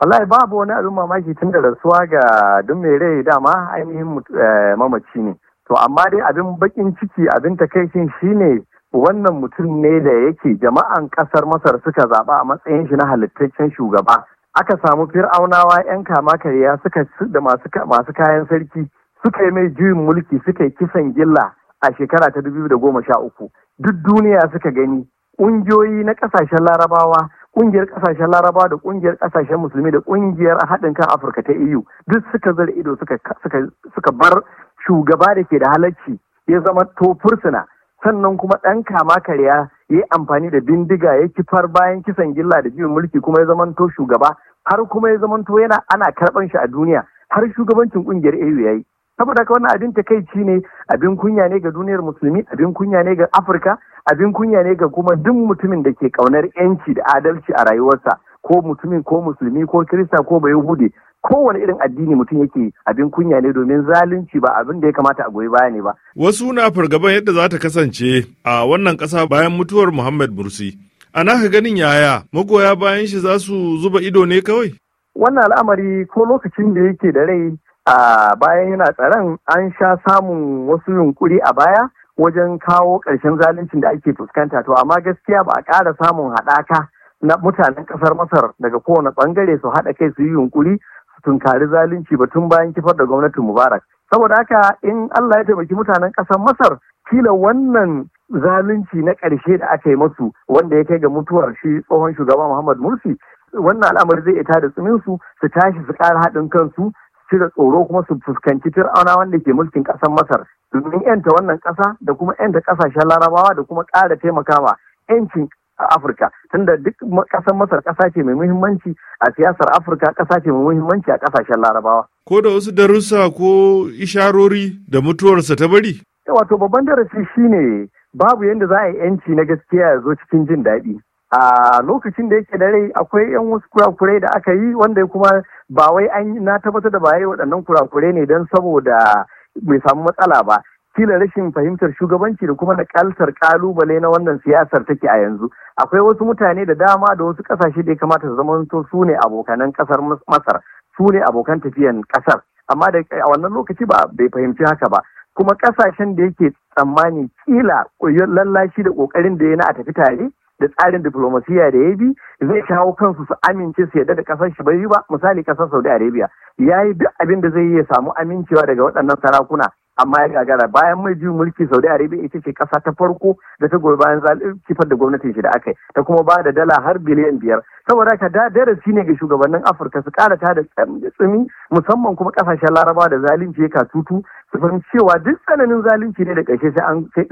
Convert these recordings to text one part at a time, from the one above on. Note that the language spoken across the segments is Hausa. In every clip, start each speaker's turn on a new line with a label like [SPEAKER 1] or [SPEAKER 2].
[SPEAKER 1] wallahi babu wani abin mamaki tun da rasuwa ga duk mai rai dama ainihin eh, mamaci ne to amma dai abin bakin ciki abin takaicin shine wannan mutum ne da yake jama'an kasar masar suka zaba a matsayin shi na halittaccen shugaba aka samu fir'aunawa 'yan kama karya suka da masu kayan sarki suka yi mai juyin mulki suka yi kisan gilla a shekara ta goma sha uku. duk duniya suka gani ƙungiyoyi na ƙasashen larabawa kungiyar kasashen laraba da kungiyar kasashen musulmi da kungiyar haɗin kan afirka ta eu duk suka zara ido suka bar shugaba da ke da halacci ya zama to fursuna sannan kuma ɗan kama karya ya yi amfani da bindiga ya kifar bayan kisan gilla da juyin mulki kuma ya zamanto shugaba har kuma ya zamanto yana ana karɓan shi a duniya har shugabancin kungiyar eu ya yi saboda haka wannan abin takaici ne abin kunya ne ga duniyar musulmi abin kunya ne ga afirka abin kunya ne ga kuma duk mutumin da ke kaunar yanci da adalci a rayuwarsa ko mutumin ko musulmi ko kirista ko bai hude kowane irin addini mutum yake abin kunya ne domin zalunci ba abin da ya kamata a goyi baya ne ba. Wasu na fargaban yadda za ta kasance a wannan kasa bayan mutuwar Muhammad Bursi. A naka ganin yaya magoya bayan shi za su zuba ido ne kawai? Wannan al'amari ko lokacin da yake da rai a bayan yana tsaron an sha samun wasu yunkuri a baya wajen kawo ƙarshen zaluncin da ake fuskanta to amma gaskiya ba a ƙara samun haɗaka na mutanen ƙasar masar daga kowane ɓangare su haɗa kai su yi yunkuri su tunkari zalunci ba tun bayan kifar da gwamnatin mubarak saboda haka in allah ya taimaki mutanen ƙasar masar kila wannan zalunci na ƙarshe da aka yi masu wanda ya kai ga mutuwar shi tsohon shugaba muhammad mursi wannan al'amari zai ita da tsininsu su tashi su ƙara haɗin kansu cire tsoro kuma su fuskanci fir'auna wanda ke mulkin ƙasar masar domin yanta wannan ƙasa da kuma yanta ƙasashen larabawa da kuma ƙara taimakawa yancin afirka tunda duk ƙasar masar ƙasa ce mai muhimmanci a siyasar afirka ƙasa ce mai muhimmanci a ƙasashen larabawa ko da wasu darussa ko isharori da mutuwarsa ta bari wato babban darasi shine babu yadda za a yi yanci na gaskiya ya zo cikin jin daɗi a lokacin da yake da rai akwai yan wasu kurakurai da aka yi wanda kuma ba wai an na tabbatar da ba yi waɗannan kurakurai ne don saboda bai samu matsala ba kila rashin fahimtar shugabanci da kuma nakaltar kalubale na wannan siyasar take a yanzu akwai wasu mutane da dama da wasu kasashe da ya kamata su zamanto su ne abokanan kasar masar su ne abokan tafiyan kasar amma da a wannan lokaci ba bai fahimci haka ba kuma kasashen da yake tsammani kila lallashi da kokarin da yana a tafi tare da tsarin diplomasiya da ya bi zai kawo kansu su amince su yadda da kasar shi bai ba misali kasar Saudi Arabia ya yi duk abin da zai yi ya samu amincewa daga waɗannan sarakuna amma ya gagara bayan mai juyin mulki Saudi Arabia ita ce ƙasa ta farko da ta goyi bayan kifar da gwamnatin shi da aka yi ta kuma ba da dala har biliyan biyar saboda haka da darasi ne ga shugabannin Afirka su ƙara ta da tsumi musamman kuma ƙasashen Larabawa da zalunci ya tutu. su cewa duk tsananin zalunci ne da ƙarshe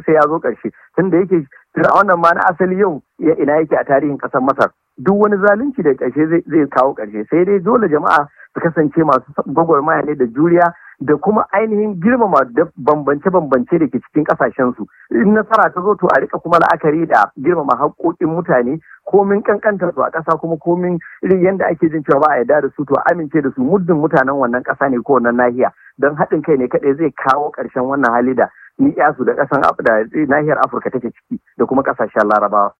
[SPEAKER 1] sai ya zo ƙarshe tunda yake fir'aunan ma na asali yau ina yake a tarihin ƙasar masar duk wani zalunci da ƙarshe zai kawo ƙarshe sai dai dole jama'a su kasance masu gwagwarmaya ne da juriya da kuma ainihin girmama da bambance-bambance da ke cikin kasashensu in nasara ta zo to a rika kuma la'akari da girmama haƙoƙin mutane komin ƙanƙantar su a ƙasa kuma komin irin yadda ake jin cewa ba a yarda da su to amince da su muddin mutanen wannan ƙasa ne ko wannan nahiya don haɗin kai ne kaɗai zai kawo ƙarshen wannan hali da niyasu da ƙasan da nahiyar afirka take ciki da kuma ƙasashen larabawa